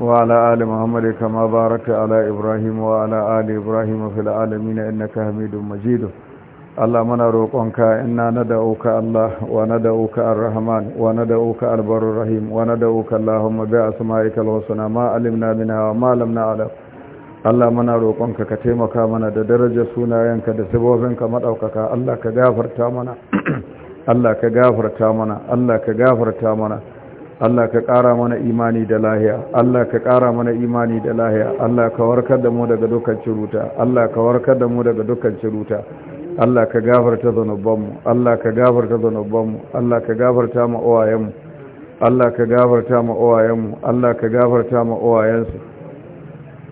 وعلى آل محمد كما باركت على إبراهيم وعلى آل إبراهيم في العالمين إنك حميد مجيد اللهم نروقك إنا ندعوك الله وندعوك الرحمن وندعوك البر الرحيم وندعوك اللهم بأسمائك الحسنى ما علمنا منها وما لم نعلم Allah muna roƙonka ka taimaka mana da darajar sunayenka da sabobinka maɗaukaka Allah ka gafarta mana Allah ka gafarta mana Allah ka gafarta mana Allah ka ƙara mana imani da lahiya Allah ka ƙara mana imani da lahiya Allah ka warkar da mu daga dukkan ciruta Allah ka warkar da mu daga dukkan ciruta Allah ka gafarta zanubanmu Allah ka gafarta zanubanmu Allah ka gafarta ma uwayenmu Allah ka gafarta ma uwayenmu Allah ka gafarta ma uwayensu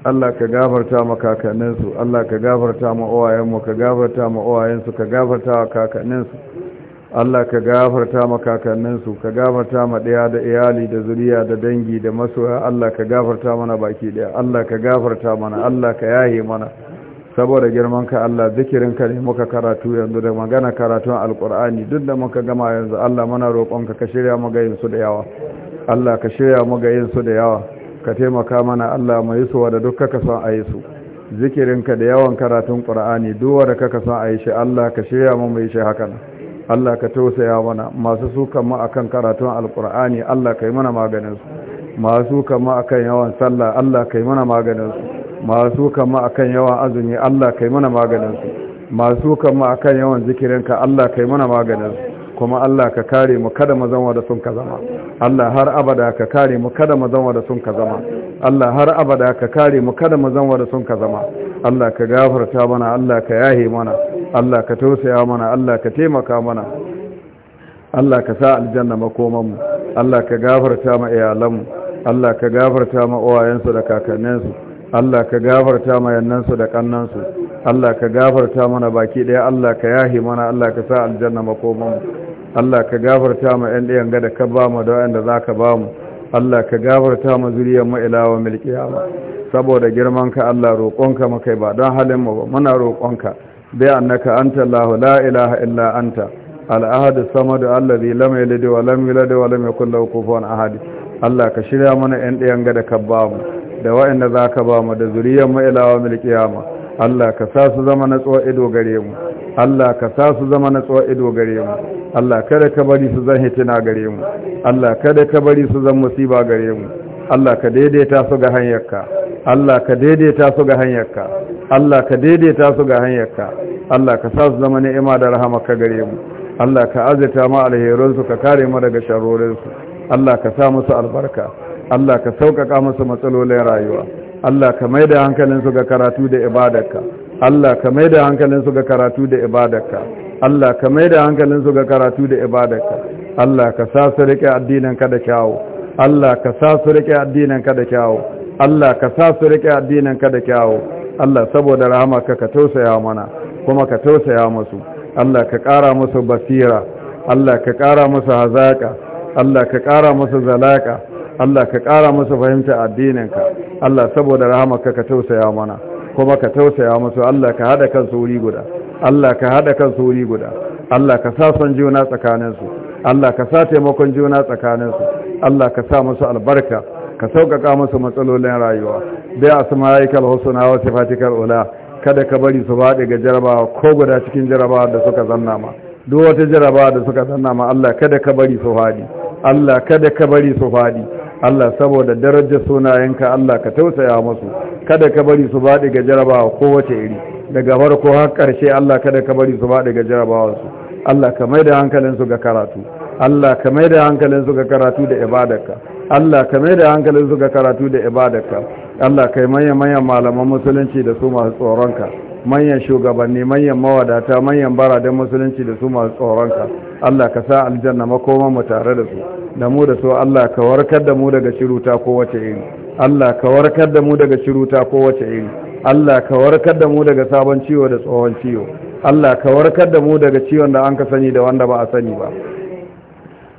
Allah ka gafarta ma kakanninsu Allah ka gafarta ma uwayenmu ka gafarta ma uwayensu ka gafarta wa kakanninsu Allah ka gafarta makakanninsu ka gafarta ma ɗaya da iyali da zuriya da dangi da masoya Allah ka gafarta mana baki ɗaya Allah ka gafarta mana Allah ka yaye mana saboda girman ka Allah zikirin ka ne muka karatu yanzu da magana karatun alkur'ani duk da muka gama yanzu Allah mana roƙonka ka shirya mu ga da yawa Allah ka shirya mu ga da yawa ka taimaka mana Allah mai su wa da duk kaka son a yi su zikirinka da yawan karatun ƙur'ani duk wanda kaka son a Allah ka shirya mu mu yi shi hakan Allah ka tausaya mana masu sukan ma akan karatun alkur'ani Allah kai mana maganin su masu sukan ma akan yawan sallah Allah kai mana maganin su masu sukan ma akan yawan azumi Allah kai mana maganin su masu sukan ma akan yawan zikirinka Allah kai mana maganin su kuma Allah ka kare mu kada mu zama da sun ka zama Allah har abada ka kare mu kada mu zama da sun ka zama Allah har abada ka kare mu kada mu zama da sun ka zama Allah ka gafarta mana Allah ka yahe mana Allah ka tausaya mana Allah ka taimaka mana Allah ka sa aljanna makomanmu Allah ka gafarta ma iyalanmu Allah ka gafarta ma uwayensu da kakanninsu Allah ka gafarta ma yannansu da kannansu Allah ka gafarta mana baki ɗaya Allah ka yahi mana Allah ka sa aljanna makomanmu Allah ka gafarta ma ƴan ɗayan ga ka ba mu da wanda za ka ba mu Allah ka gafarta ma zuriyar mu ilawa milkiyama saboda girman ka Allah roƙonka mu kai ba don halin mu ba muna roƙonka bi annaka anta allah la ilaha illa anta al-ahad as-samad alladhi lam yalid wa lam yulad wa lam yakul lahu kufuwan ahad allah ka shirya mana yan ɗayan ga da kabba mu da wa'anda zaka ba mu da zuriyar mu ilawa mil qiyama allah ka sa su zama na tsawo ido gare mu allah ka sa su zama na tsawo ido gare mu allah kada ka bari su zan hitina gare mu allah kada ka bari su zan musiba gare mu allah ka daidaita su ga hanyarka Allah ka daidaita su ga hanyarka Allah ka daidaita su ga hanyarka Allah ka sa su zama ni'ima da rahama ka gare mu Allah ka azurta mu alherin su ka kare mu daga sharorin su Allah ka sa musu albarka Allah ka sauƙaƙa musu matsalolin rayuwa Allah ka maida hankalin su ga karatu da ibadarka Allah ka maida hankalin su ga karatu da ibadarka Allah ka maida hankalin su ga karatu da ibadarka Allah ka sa su rike addinin ka da kyawu Allah ka sa su rike addinin ka da kyawu Allah ka sa su addinin addininka da kyawu Allah saboda rahama ka ka tausaya mana kuma ka tausaya musu Allah ka ƙara musu basira Allah ka ƙara musu hazaka Allah ka ƙara musu zalaka Allah ka ƙara musu fahimta addininka Allah saboda rahama ka tausaya mana kuma ka tausaya musu Allah ka hada kansu wuri guda Allah ka hada kansu wuri guda Allah ka sa son juna tsakaninsu Allah ka sa taimakon juna tsakaninsu Allah ka sa musu albarka ka sauƙaƙa musu matsalolin rayuwa bai asma'ikal husna wa Fatikar ula kada ka bari su faɗi ga jarabawa ko guda cikin jarabawa da suka zanna ma duk wata jarabawa da suka zanna ma Allah kada ka bari su faɗi Allah kada ka bari su faɗi Allah saboda darajar sunayenka Allah ka tausaya musu kada ka bari su faɗi ga jarabawa ko wace iri daga farko har ƙarshe Allah kada ka bari su faɗi ga jarabawa su Allah ka mai da hankalinsu ga karatu Allah ka mai da hankalin su ga karatu da ibadarka Allah ka mai da hankalin su ga karatu da ibadarka Allah kai manyan manyan malaman musulunci da su masu tsoronka manyan shugabanni manyan mawadata manyan baradan musulunci da su masu tsoronka Allah ka sa aljanna makoman mu tare da su da mu da su Allah ka warkar da mu daga shiruta ko wace iri Allah ka warkar da mu daga shiruta ko wace iri Allah ka warkar da mu daga sabon ciwo da tsohon ciwo Allah ka warkar da mu daga ciwon da an ka sani da wanda ba a sani ba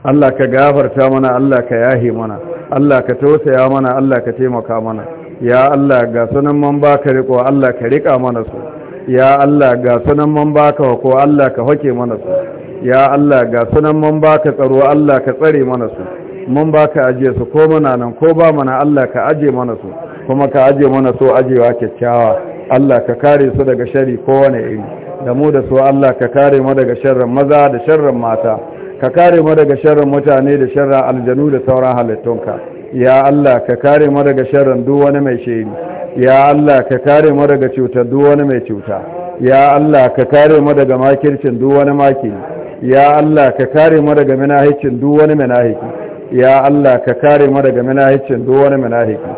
Allah ka gafarta mana Allah ka yahi mana Allah ka tausaya mana Allah ka taimaka mana ya Allah ga sunan man baka riko Allah ka rika mana su ya Allah ga sunan man baka ko Allah ka hoke mana su ya Allah ga sunan man baka tsaro Allah ka tsare mana su mun baka aje su ko mana nan ko ba mana Allah ka aje mana su kuma ka aje mana su ajiyewa kyakkyawa Allah ka kare su daga shari kowane iri da mu da su Allah ka kare mu daga sharrin maza da sharrin mata ka kare mu daga sharrin mutane da sharrin aljanu da sauran halittunka ya Allah ka kare mu daga sharrin duk wani mai shiri ya Allah ka kare mu daga cutar duk wani mai cuta ya Allah ka kare mu daga makircin duk wani maki ya Allah ka kare mu daga minahicin duk wani minahiki ya Allah ka kare mu daga minahicin duk wani minahiki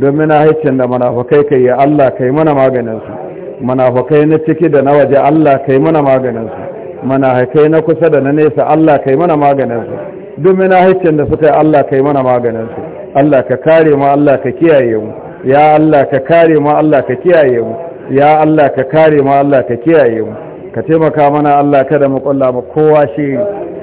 don minahicin da munafukai kai ya Allah kai mana maganin su munafukai na ciki da na waje Allah kai mana maganin su manahaikai na kusa da na nesa Allah kai mana maganinsu duk manahaicin da suka yi Allah kai mana maganinsu Allah ka kare ma Allah ka kiyaye mu ya Allah ka kare ma Allah ka kiyaye mu ya Allah ka kare ma Allah ka kiyaye mu ka taimaka mana Allah kada mu kulla mu kowa shi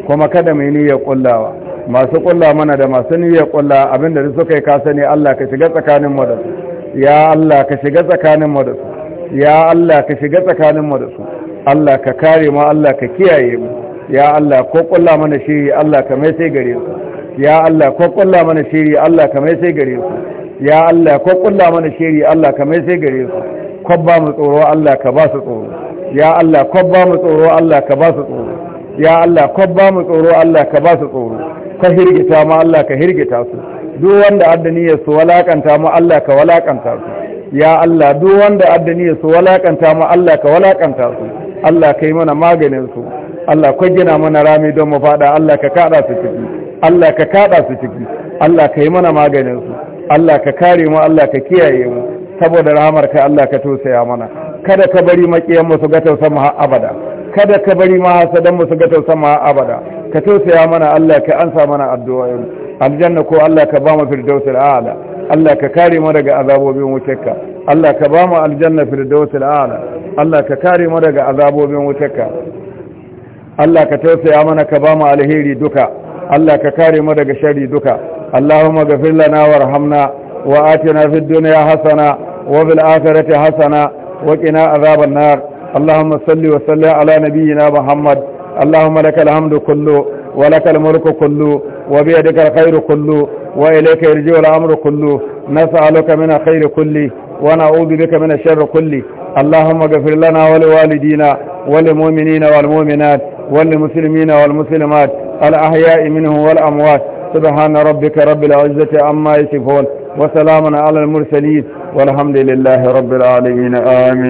kuma kada mu yi niyyar kullawa masu kulla mana da masu niyyar kulla abinda da suka yi ka sani Allah ka shiga tsakanin mu da su ya Allah ka shiga tsakanin mu da su ya Allah ka shiga tsakanin mu da su Allah ka kare mu Allah ka kiyaye mu ya Allah ko kulla mana shiri Allah ka mai sai gare mu ya Allah ko kulla mana shiri Allah ka mai sai gare mu ya Allah ko kulla mana shiri Allah ka mai sai gare mu kwabba mu tsoro Allah ka ba su tsoro ya Allah kwabba mu tsoro Allah ka ba su tsoro ya Allah kwabba mu tsoro Allah ka ba su tsoro ka hirgita ma Allah ka hirgita su duk wanda addani ya su walakanta mu Allah ka walakanta su ya Allah duk wanda addani ya su walakanta mu Allah ka walakanta su Allah ka yi mana maganinsu. Allah ka gina mana rami don mu fada Allah ka kada su ciki Allah ka kada su ciki Allah ka yi mana maganinsu. Allah ka kare mu Allah ka kiyaye mu saboda rahamar ka Allah ka tosaya mana kada ka bari makiyan musu su ga har mu abada kada ka bari ma mu su ga sama mu abada ka tausaya mana Allah ka ansa mana addu'o'in aljanna ko Allah ka ba mu firdausi al'ala, Allah ka kare mu daga azabobin wucinka Allah ka ba mu aljanna firdausi al'ala. Allah ka kare mu daga azabobin wutarka Allah ka tausaya mana ka ba mu alheri duka Allah ka kare mu daga shari duka Allahumma ghafir lana warhamna wa atina fid dunya hasana wa bil akhirati hasana wa qina azaban nar Allahumma salli wa salli ala nabiyyina Muhammad Allahumma lakal hamdu kullu wa lakal mulku kullu wa bi yadika alkhairu kullu wa ilayka yarji'u al-amru kullu nas'aluka min alkhairi kulli ونعوذ بك من الشر كله اللهم اغفر لنا ولوالدينا وللمؤمنين والمؤمنات والمسلمين والمسلمات الأحياء منهم والأموات سبحان ربك رب العزة عما يصفون وسلام على المرسلين والحمد لله رب العالمين آمين